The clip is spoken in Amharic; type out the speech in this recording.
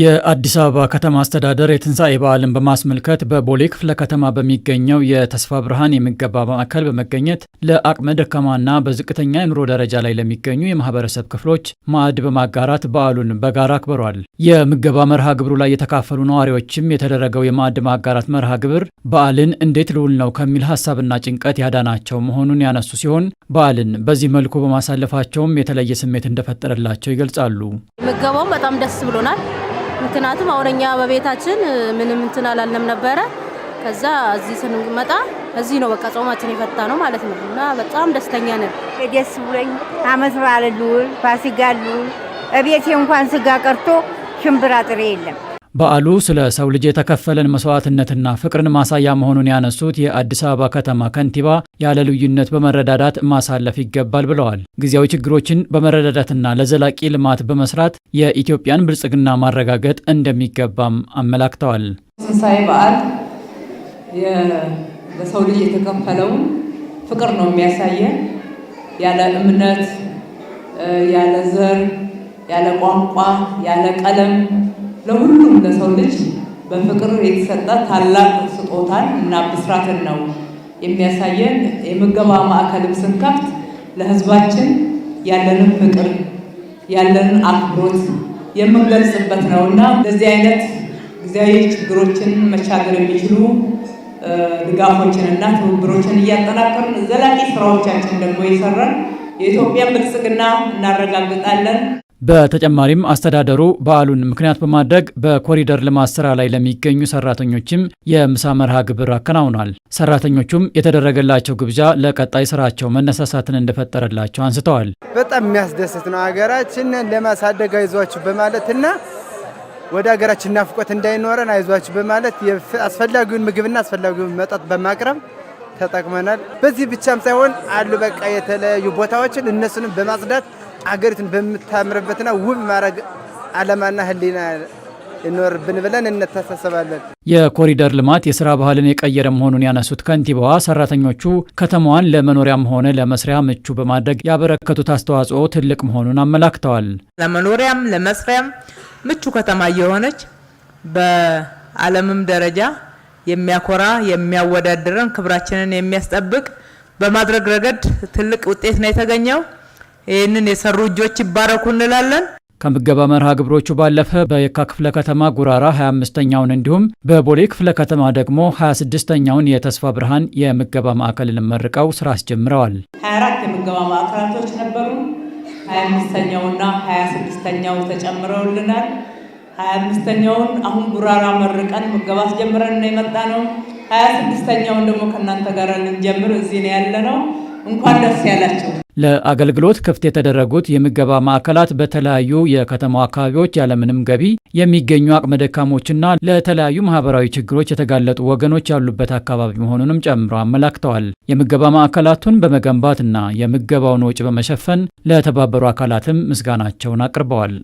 የአዲስ አበባ ከተማ አስተዳደር የትንሣኤ በዓልን በማስመልከት በቦሌ ክፍለ ከተማ በሚገኘው የተስፋ ብርሃን የምገባ ማዕከል በመገኘት ለአቅመ ደካማና በዝቅተኛ የኑሮ ደረጃ ላይ ለሚገኙ የማህበረሰብ ክፍሎች ማዕድ በማጋራት በዓሉን በጋራ አክብሯል። የምገባ መርሃ ግብሩ ላይ የተካፈሉ ነዋሪዎችም የተደረገው የማዕድ ማጋራት መርሃ ግብር በዓልን እንዴት ልውል ነው ከሚል ሀሳብና ጭንቀት ያዳናቸው መሆኑን ያነሱ ሲሆን በዓልን በዚህ መልኩ በማሳለፋቸውም የተለየ ስሜት እንደፈጠረላቸው ይገልጻሉ። ምገባውም በጣም ደስ ብሎናል ምክንያቱም አሁን እኛ በቤታችን ምንም እንትን አላልንም ነበረ። ከዛ እዚህ ስንመጣ እዚህ ነው በቃ ጾማችን የፈታ ነው ማለት ነው። እና በጣም ደስተኛ ነን። ደስ ብሎኝ አመት በዓል ልውል ፋሲካ ልውል እቤቴ እንኳን ስጋ ቀርቶ ሽምብራ ጥሬ የለም። በዓሉ ስለ ሰው ልጅ የተከፈለን መስዋዕትነትና ፍቅርን ማሳያ መሆኑን ያነሱት የአዲስ አበባ ከተማ ከንቲባ ያለ ልዩነት በመረዳዳት ማሳለፍ ይገባል ብለዋል። ጊዜያዊ ችግሮችን በመረዳዳትና ለዘላቂ ልማት በመስራት የኢትዮጵያን ብልጽግና ማረጋገጥ እንደሚገባም አመላክተዋል። ትንሣኤ በዓል ለሰው ልጅ የተከፈለውን ፍቅር ነው የሚያሳየን። ያለ እምነት፣ ያለ ዘር፣ ያለ ቋንቋ፣ ያለ ቀለም ለሁሉም ለሰው ልጅ በፍቅር የተሰጠ ታላቅ ስጦታን እና ብስራትን ነው የሚያሳየን። የምገባ ማዕከልም ስንከፍት ለህዝባችን ያለንን ፍቅር ያለንን አክብሮት የምንገልጽበት ነው እና እንደዚህ አይነት ጊዜያዊ ችግሮችን መሻገር የሚችሉ ድጋፎችን እና ትብብሮችን እያጠናከርን ዘላቂ ስራዎቻችን ደግሞ የሰራን የኢትዮጵያን ብልጽግና እናረጋግጣለን። በተጨማሪም አስተዳደሩ በዓሉን ምክንያት በማድረግ በኮሪደር ልማት ስራ ላይ ለሚገኙ ሰራተኞችም የምሳ መርሃ ግብር አከናውኗል። ሰራተኞቹም የተደረገላቸው ግብዣ ለቀጣይ ስራቸው መነሳሳትን እንደፈጠረላቸው አንስተዋል። በጣም የሚያስደስት ነው። ሀገራችንን ለማሳደግ አይዟችሁ በማለትና ወደ ሀገራችን ናፍቆት እንዳይኖረን አይዟችሁ በማለት አስፈላጊውን ምግብና አስፈላጊውን መጠጥ በማቅረብ ተጠቅመናል። በዚህ ብቻም ሳይሆን አሉ በቃ የተለያዩ ቦታዎችን እነሱንም በማጽዳት አገሪቱን በምታምርበትና ውብ ማድረግ አለማና ህሊና ይኖርብን ብለን እንተሳሰባለን። የኮሪደር ልማት የስራ ባህልን የቀየረ መሆኑን ያነሱት ከንቲባዋ ሰራተኞቹ ከተማዋን ለመኖሪያም ሆነ ለመስሪያ ምቹ በማድረግ ያበረከቱት አስተዋጽኦ ትልቅ መሆኑን አመላክተዋል። ለመኖሪያም ለመስሪያም ምቹ ከተማ እየሆነች በዓለምም ደረጃ የሚያኮራ የሚያወዳድረን ክብራችንን የሚያስጠብቅ በማድረግ ረገድ ትልቅ ውጤት ነው የተገኘው። ይህንን የሰሩ እጆች ይባረኩ እንላለን። ከምገባ መርሃ ግብሮቹ ባለፈ በየካ ክፍለ ከተማ ጉራራ 25ኛውን እንዲሁም በቦሌ ክፍለ ከተማ ደግሞ 26ኛውን የተስፋ ብርሃን የምገባ ማዕከልን መርቀው ስራ አስጀምረዋል። 24 የምገባ ማዕከላቶች ነበሩ። 25ኛውና 26ኛው ተጨምረውልናል። ሀያ አምስተኛውን አሁን ቡራራ መርቀን መገባት ነው የመጣ ነው። ሀያ ስድስተኛውን ደግሞ ከእናንተ ጋር ልንጀምር እዚህ ነው ያለ ነው። እንኳን ደስ ያላቸው። ለአገልግሎት ክፍት የተደረጉት የምገባ ማዕከላት በተለያዩ የከተማው አካባቢዎች ያለምንም ገቢ የሚገኙ አቅመ ደካሞችና ለተለያዩ ማህበራዊ ችግሮች የተጋለጡ ወገኖች ያሉበት አካባቢ መሆኑንም ጨምሮ አመላክተዋል። የምገባ ማዕከላቱን በመገንባትና የምገባውን ወጪ በመሸፈን ለተባበሩ አካላትም ምስጋናቸውን አቅርበዋል።